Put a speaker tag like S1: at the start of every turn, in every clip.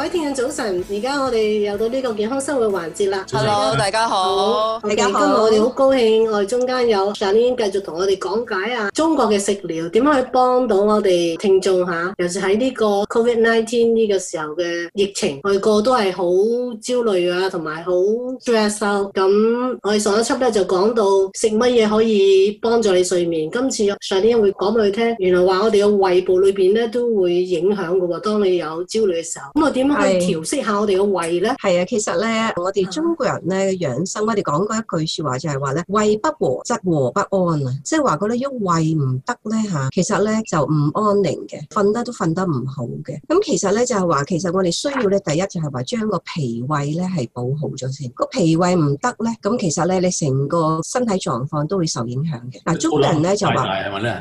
S1: 各位聽眾，早晨，而家我哋又到呢個健康生活環節啦。Hello，大家好，大家好。今日我哋好高興，我哋中間有上天繼續同我哋講解啊，中國嘅食療點樣去幫到我哋聽眾吓，尤其是喺呢個 Covid nineteen 呢個時候嘅疫情，我哋個個都係好焦慮啊，同埋好 stress out。咁我哋上一輯咧就講到食乜嘢可以幫助你睡眠。今次上天會講俾佢聽，原來話我哋嘅胃部裏邊咧都會影響嘅喎。當你有焦慮嘅時候，咁我點？去調
S2: 適下我哋個胃咧，係啊，其實咧，我哋中國人咧養生，我哋講過一句説話，就係話咧，胃不和則臥不安啊，即係話嗰啲依胃唔得咧嚇，其實咧就唔安寧嘅，瞓得都瞓得唔好嘅。咁其實咧就係話，其實我哋需要咧，第一就係話將個脾胃咧係補好咗先。個脾胃唔得咧，咁其實咧你成個身體狀況都會受影響嘅。嗱，中國人咧就話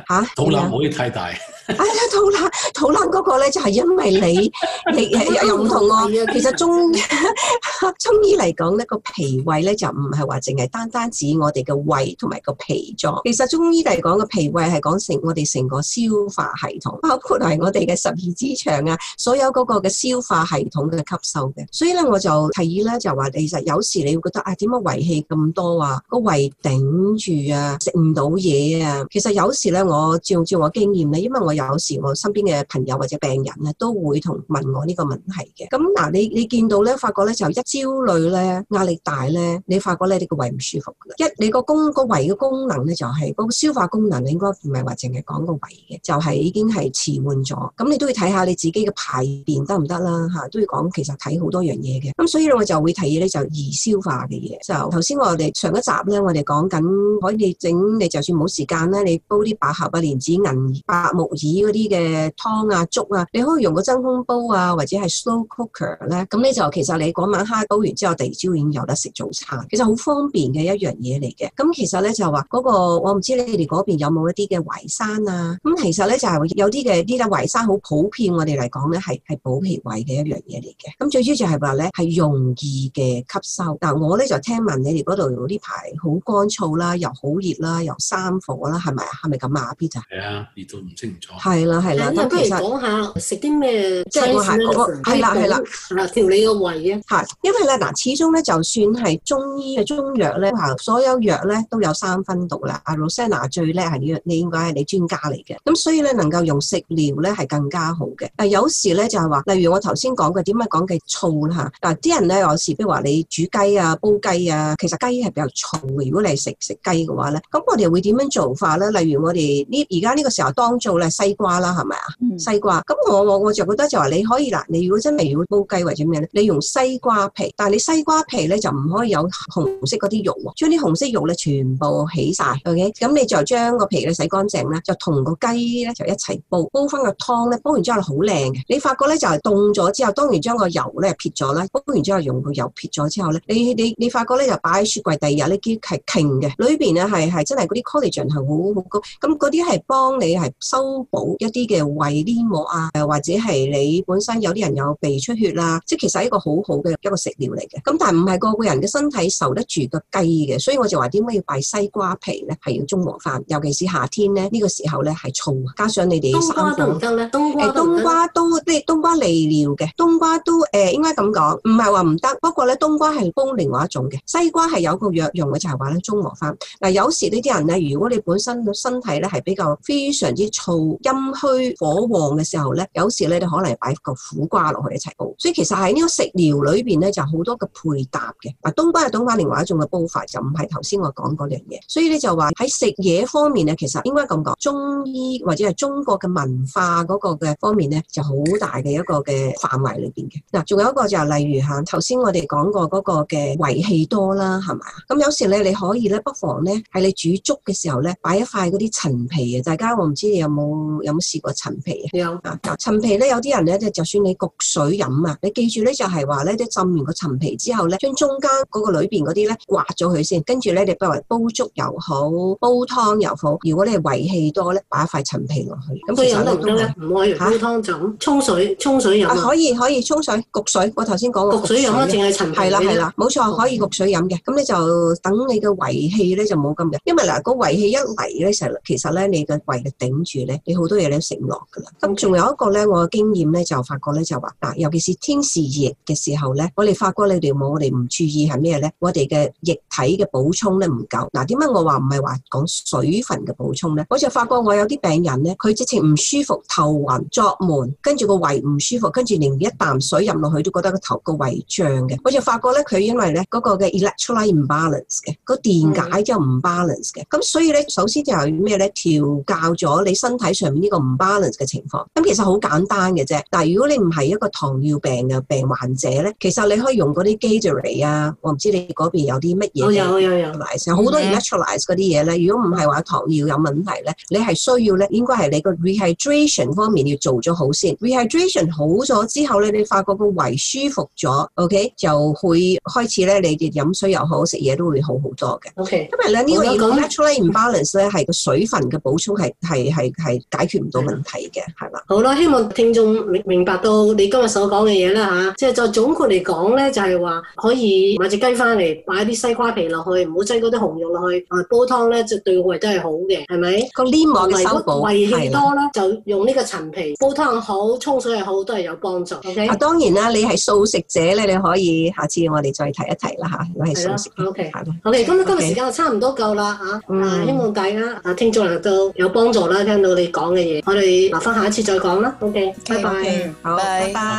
S2: 嚇，肚腩唔可以太大。哎呀，肚腩肚腩嗰個咧就係因為你你又～唔同、啊、其實中 中醫嚟講呢個脾胃呢就唔係話淨係單單指我哋嘅胃同埋個脾臟，其實中醫嚟講嘅脾胃係講成我哋成個消化系統，包括係我哋嘅十二指腸啊，所有嗰個嘅消化系統嘅吸收嘅。所以呢，我就提議呢，就話，其實有時你會覺得啊，點解胃氣咁多啊，個胃頂住啊，食唔到嘢啊，其實有時呢，我照照我經驗呢，因為我有時我身邊嘅朋友或者病人呢，都會同問我呢個問題。咁嗱，你你見到咧，發覺咧就一焦慮咧，壓力大咧，你發覺咧你個胃唔舒服嘅。一你個功個胃嘅功能咧，就係嗰個消化功能，你應該唔係話淨係講個胃嘅，就係已經係遲緩咗。咁你都要睇下你自己嘅排便得唔得啦，吓都要講。其實睇好多樣嘢嘅。咁所以咧，我就會提議咧，就易消化嘅嘢。就頭先我哋上一集咧，我哋講緊可以整，你就算冇時間咧，你煲啲百合啊、蓮子銀白木耳嗰啲嘅湯啊、粥啊，你可以用個真空煲啊，或者係。cooker 咧，咁你就其實你嗰晚蝦煲完之後，第二朝已經有得食早餐，其實好方便嘅一樣嘢嚟嘅。咁其實咧就話嗰、嗰個，我唔知你哋嗰邊有冇一啲嘅淮山啊？咁其實咧就係、係、有啲嘅啲咧淮山好普遍，我哋嚟講咧係係補脾胃嘅一樣嘢嚟嘅。咁最主要就係話咧係容易嘅吸收。嗱，我咧就聽聞你哋嗰度呢排好乾燥啦，又好熱啦，又生火啦，係咪係咪咁啊？B 仔係啊，熱到唔清楚。係啦係啦，咁、啊、其實、啊、不如講下食啲咩，即係我啦。係啦，嗱，調理個胃啊！嚇，因為咧，嗱，始終咧，就算係中醫嘅中藥咧，嚇，所有藥咧都有三分毒啦。阿羅莎娜最叻係呢樣，你應該係你專家嚟嘅。咁所以咧，能夠用食療咧係更加好嘅。誒，有時咧就係話，例如我頭先講嘅點解講嘅醋啦嚇，嗱，啲人咧有時譬如話你煮雞啊、煲雞啊，其實雞係比較燥嘅。如果你係食食雞嘅話咧，咁我哋會點樣做法咧？例如我哋呢，而家呢個時候當做咧西瓜啦，係咪啊？西瓜。咁、嗯、我我我就覺得就話你可以嗱，你如果真～皮煲雞或者咩咧？你用西瓜皮，但係你西瓜皮咧就唔可以有紅色嗰啲肉喎，將啲紅色肉咧全部起晒 OK。咁你就將個皮咧洗乾淨啦，就同個雞咧就一齊煲，煲翻個湯咧，煲完之後好靚嘅，你發覺咧就係凍咗之後，當然將個油咧撇咗啦，煲完之後用個油撇咗之後咧，你你你發覺咧就擺喺雪櫃，第二日呢，啲係勁嘅，裏邊啊係係真係嗰啲 collagen 係好好高，咁嗰啲係幫你係修補一啲嘅胃黏膜啊，或者係你本身有啲人有。鼻出血啦，即係其實係一個好好嘅一個食療嚟嘅。咁但係唔係個個人嘅身體受得住個雞嘅，所以我就話點解要擺西瓜皮咧？係要中和翻，尤其是夏天咧呢、呢個時候咧係燥，加上你哋。冬瓜都唔得咧，冬瓜都。誒、呃，冬瓜都即係冬瓜利尿嘅，冬瓜都誒應該咁講，唔係話唔得。不過咧，冬瓜係煲另外一種嘅，西瓜係有個藥用嘅，就係話咧中和翻。嗱、呃，有時呢啲人咧，如果你本身嘅身體咧係比較非常之燥、陰虛火旺嘅時候咧，有時咧你可能擺個苦瓜落去。一齊煲，所以其實喺呢個食療裏邊咧，就好多嘅配搭嘅。嗱，冬瓜係冬瓜另外一種嘅煲法就唔係頭先我講嗰樣嘢，所以咧就話喺食嘢方面咧，其實應該咁講，中醫或者係中國嘅文化嗰個嘅方面咧，就好大嘅一個嘅範圍裏邊嘅。嗱，仲有一個就係例如吓頭先我哋講過嗰個嘅胃氣多啦，係咪啊？咁有時咧你可以咧不妨咧喺你煮粥嘅時候咧擺一塊嗰啲陳皮啊！大家我唔知你有冇有冇試過陳皮啊有？有陳皮咧，有啲人咧就就算你焗水飲啊！你記住咧，就係話咧，啲浸完個陳皮之後咧，將中間嗰個裏邊嗰啲咧刮咗佢先，跟住咧，你不如煲粥又好，煲湯又好，如果你係胃氣多咧，把塊陳皮落去。咁佢有冇唔可以煲湯，啊、就沖水，沖水飲，啊啊。可以可以沖水焗水，我頭先講過。焗水飲啊，淨係陳皮，啊。係啦係啦，冇錯，可以焗水飲嘅。咁你就等你嘅胃氣咧就冇咁嘅，因為嗱，個胃氣一嚟咧，成其實咧你嘅胃啊頂住咧，你好多嘢都食唔落噶啦。咁仲 Okay. 有一個咧，我嘅經驗咧就發覺咧就話、是。尤其是天時熱嘅時候咧，我哋發覺你哋冇我哋唔注意係咩咧？我哋嘅液體嘅補充咧唔夠。嗱點解我話唔係話講水分嘅補充咧？我就發覺我有啲病人咧，佢直情唔舒服、頭暈、作悶，跟住個胃唔舒服，跟住連一啖水飲落去都覺得個頭個胃脹嘅。我就發覺咧佢因為咧嗰個嘅 electrolyte 唔 balance 嘅，個電解就唔 balance 嘅。咁、嗯、所以咧，首先就係咩咧？調教咗你身體上面呢個唔 balance 嘅情況。咁其實好簡單嘅啫。但係如果你唔係一個糖尿病嘅病患者咧，其實你可以用嗰啲 Gatorade 啊，我唔知你嗰邊有啲乜嘢。有有有。好多 electrolyte 嗰啲嘢咧，嗯、如果唔係話糖尿有問題咧，你係需要咧，應該係你個 rehydration 方面要做咗好先。rehydration 好咗之後咧，你發覺個胃舒服咗，OK 就會開始咧，你哋飲水又好，食嘢都會好好多嘅。OK。因為咧呢了個 electrolyte imbalance 咧係個水分嘅補充係係係係解決唔到問題嘅，係嘛？好
S1: 啦，希望聽眾明明白到你今日所講嘅嘢啦吓，即係就總括嚟講咧，就係話可以買隻雞翻嚟，擺啲西瓜皮落去，唔好擠嗰啲紅肉落去，啊煲湯咧，就對胃都係好嘅，係咪？個黏膜嘅修補多啦，係就用呢個陳皮煲湯好，沖水又好，都係有幫助。Okay? 啊，當然啦，你係
S2: 素食者咧，你可以下次我哋再提一提啦吓。如果係素
S1: 食，O K，O K，今今日時間就差唔多夠啦吓，Okay. 啊，希望大家
S2: 啊聽咗都有幫助啦，聽到你講
S1: 嘅嘢，我哋留翻下一次再講啦。OK, okay，Okay, 拜拜，okay,
S3: 好, Bye. 拜拜。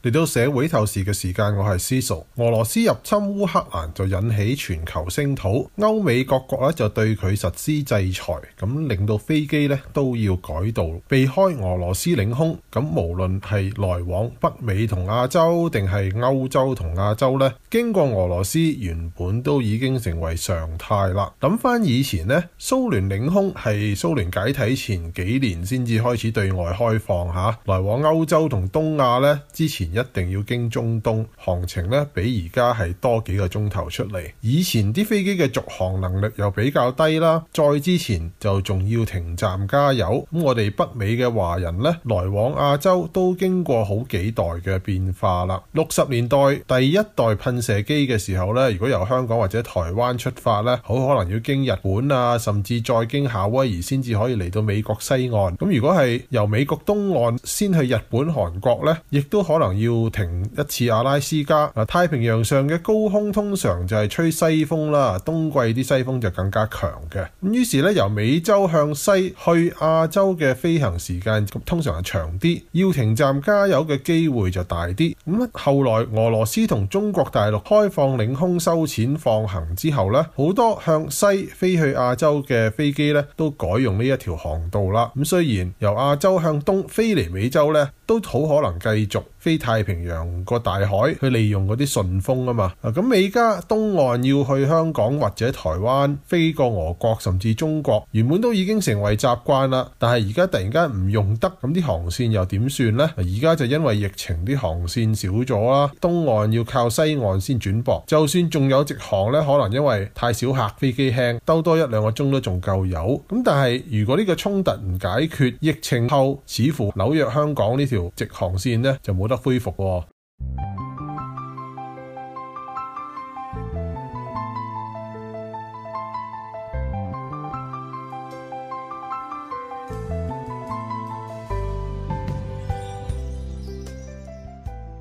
S4: 嚟到社會透視嘅時間，我係思熟。俄羅斯入侵烏克蘭就引起全球聲討，歐美各國呢就對佢實施制裁，咁令到飛機呢都要改道避開俄羅斯領空。咁無論係來往北美同亞洲，定係歐洲同亞洲呢，經過俄羅斯原本都已經成為常態啦。諗翻以前呢，蘇聯領空係蘇聯解體前幾年先至開始對外開放吓，來往歐洲同東亞呢之前。一定要經中東，航程呢比而家係多幾個鐘頭出嚟。以前啲飛機嘅續航能力又比較低啦，再之前就仲要停站加油。咁我哋北美嘅華人呢，來往亞洲都經過好幾代嘅變化啦。六十年代第一代噴射機嘅時候呢，如果由香港或者台灣出發呢，好可能要經日本啊，甚至再經夏威夷先至可以嚟到美國西岸。咁如果係由美國東岸先去日本、韓國呢，亦都可能。要停一次阿拉斯加嗱，太平洋上嘅高空通常就係吹西風啦。冬季啲西風就更加強嘅咁，於是咧，由美洲向西去亞洲嘅飛行時間通常係長啲，要停站加油嘅機會就大啲。咁後來俄羅斯同中國大陸開放領空，收錢放行之後咧，好多向西飛去亞洲嘅飛機咧都改用呢一條航道啦。咁雖然由亞洲向東飛嚟美洲咧，都好可能繼續。飛太平洋個大海去利用嗰啲順風啊嘛，咁而家東岸要去香港或者台灣，飛過俄國甚至中國，原本都已經成為習慣啦。但係而家突然間唔用得，咁啲航線又點算呢？而、啊、家就因為疫情啲航線少咗啦，東岸要靠西岸先轉駁，就算仲有直航呢，可能因為太少客飛機輕，兜多，多一兩個鐘都仲夠油。咁但係如果呢個衝突唔解決，疫情後似乎紐約香港呢條直航線呢，就冇得恢復喎。For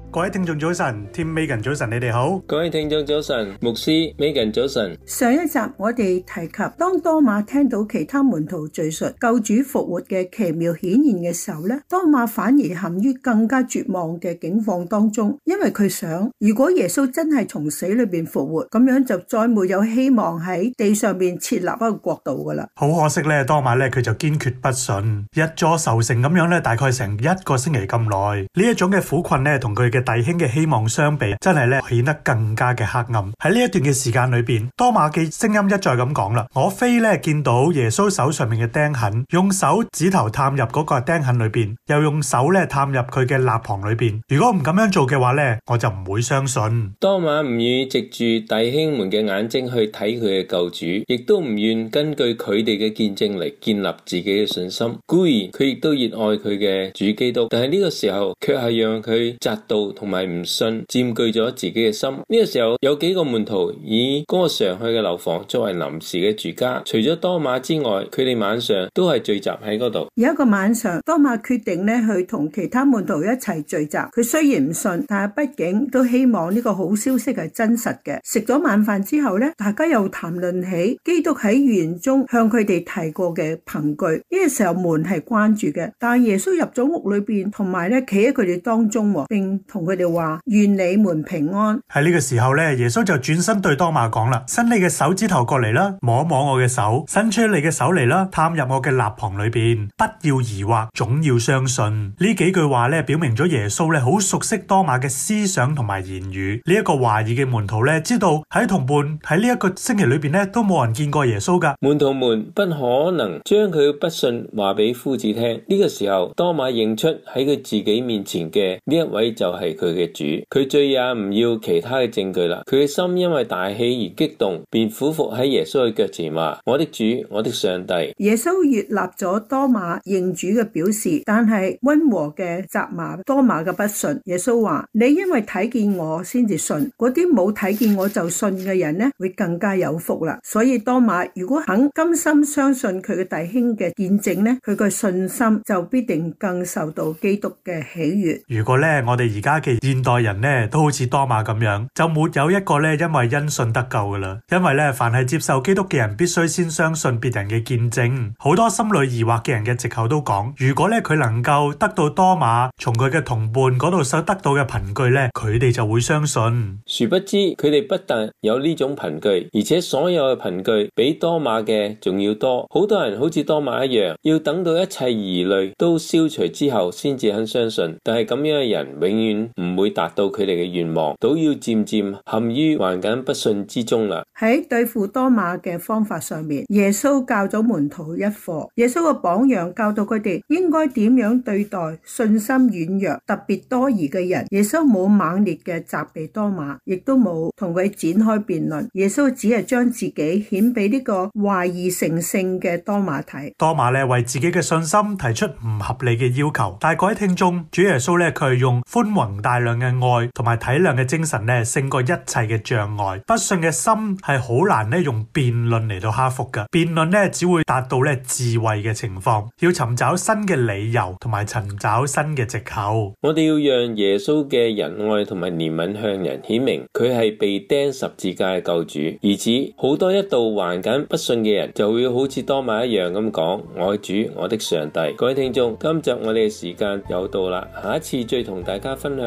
S5: 各位聽眾早晨，Tim、Megan 早晨，你哋好。各位聽眾早晨，牧師 Megan 早晨。
S3: 上一集我哋提及，當多馬聽到其他門徒敘述救主復活嘅奇妙顯現嘅時候咧，多馬反而陷於更加絕望嘅境況當中，因為佢想，如果耶穌真係從死裏邊復活，咁樣就再沒有希望喺地上面設立一個國度噶啦。
S5: 好可惜咧，多馬咧佢就堅決不信，一座愁城咁樣咧，大概成一個星期咁耐，呢一種嘅苦困咧，同佢嘅。弟兄嘅希望相比，真係咧顯得更加嘅黑暗。喺呢一段嘅時間裏邊，多馬嘅聲音一再咁講啦，我非咧見到耶穌手上面嘅釘痕，用手指頭探入嗰個釘痕裏邊，又用手咧探入佢嘅肋旁裏邊。如果唔咁樣做嘅話咧，我就唔會相信。
S6: 多馬唔願意藉住弟兄們嘅眼睛去睇佢嘅救主，亦都唔願根據佢哋嘅見證嚟建立自己嘅信心。固然佢亦都熱愛佢嘅主基督，但係呢個時候卻係讓佢窒到。同埋唔信佔據咗自己嘅心。呢個時候有幾個門徒以嗰個上去嘅樓房作為臨時嘅住家。除咗多馬之外，佢哋晚上都係聚集喺嗰度。有
S3: 一個晚上，多馬決定咧去同其他門徒一齊聚集。佢雖然唔信，但係畢竟都希望呢個好消息係真實嘅。食咗晚飯之後咧，大家又談論起基督喺預言中向佢哋提過嘅憑據。呢個時候門係關住嘅，但係耶穌入咗屋裏邊，同埋咧企喺佢哋當中，並。同佢哋話，願你們平安。
S5: 喺呢個時候咧，耶穌就轉身對多馬講啦：伸你嘅手指頭過嚟啦，摸一摸我嘅手；伸出你嘅手嚟啦，探入我嘅肋旁裏邊。不要疑惑，總要相信。呢幾句話咧，表明咗耶穌咧好熟悉多馬嘅思想同埋言語。呢一個懷疑嘅門徒咧，知道喺同伴喺呢一個
S6: 星期裏邊咧，都冇人見過耶穌噶。門徒們不可能將佢不信話俾夫子聽。呢個時候，多馬認出喺佢自己面前嘅呢一位就係。佢嘅主，佢最也唔要其他嘅證據啦。佢嘅心因為大喜而激動，便俯伏喺耶穌嘅腳前話：我的主，我的上帝。
S3: 耶穌悅納咗多馬認主嘅表示，但係溫和嘅責罵多馬嘅不信。耶穌話：你因為睇見我先至信，嗰啲冇睇見我就信嘅人呢，會更加有福啦。所以多馬如果肯甘心相信佢嘅弟兄嘅見證呢，佢嘅信心就必定更受到基督嘅喜悅。
S5: 如果呢，我哋而家。嘅現代人咧，都好似多馬咁樣，就沒有一個咧，因為因信得救噶啦。因為咧，凡係接受基督嘅人，必須先相信別人嘅見證。好多心裏疑惑嘅人嘅藉口都講：如果咧佢能夠得到多馬從佢嘅同伴嗰度所得到嘅憑據咧，佢哋就會相信。
S6: 殊不知佢哋不但有呢種憑據，而且所有嘅憑據比多馬嘅仲要多。好多人好似多馬一樣，要等到一切疑慮都消除之後，先至肯相信。但係咁樣嘅人，永遠唔會達到佢哋嘅願望，都要漸漸陷於環境不順之中啦。
S3: 喺對付多馬嘅方法上面，耶穌教咗門徒一課。耶穌嘅榜樣教到佢哋應該點樣對待信心軟弱、特別多疑嘅人。耶穌冇猛烈嘅責備多馬，亦都冇同佢展開辯論。耶穌只係將自己顯俾呢個懷疑成性嘅多馬睇。
S5: 多馬咧為自己嘅信心提出唔合理嘅要求，但係各位聽眾主耶穌咧，佢係用「寬宏」。大量嘅愛同埋體諒嘅精神咧，勝過一切嘅障礙。不信嘅心係好難咧，用辯論嚟到克服㗎。辯論咧，只會達到咧智慧嘅情況。要尋找新嘅理由，同埋尋找新嘅藉口。
S6: 我哋要讓耶穌嘅仁愛同埋憐憫向人顯明，佢係被釘十字架嘅救主。而此好多一度還緊不信嘅人，就會好似多馬一樣咁講：我主，我的上帝。各位聽眾，今集我哋嘅時間又到啦，下一次再同大家分享。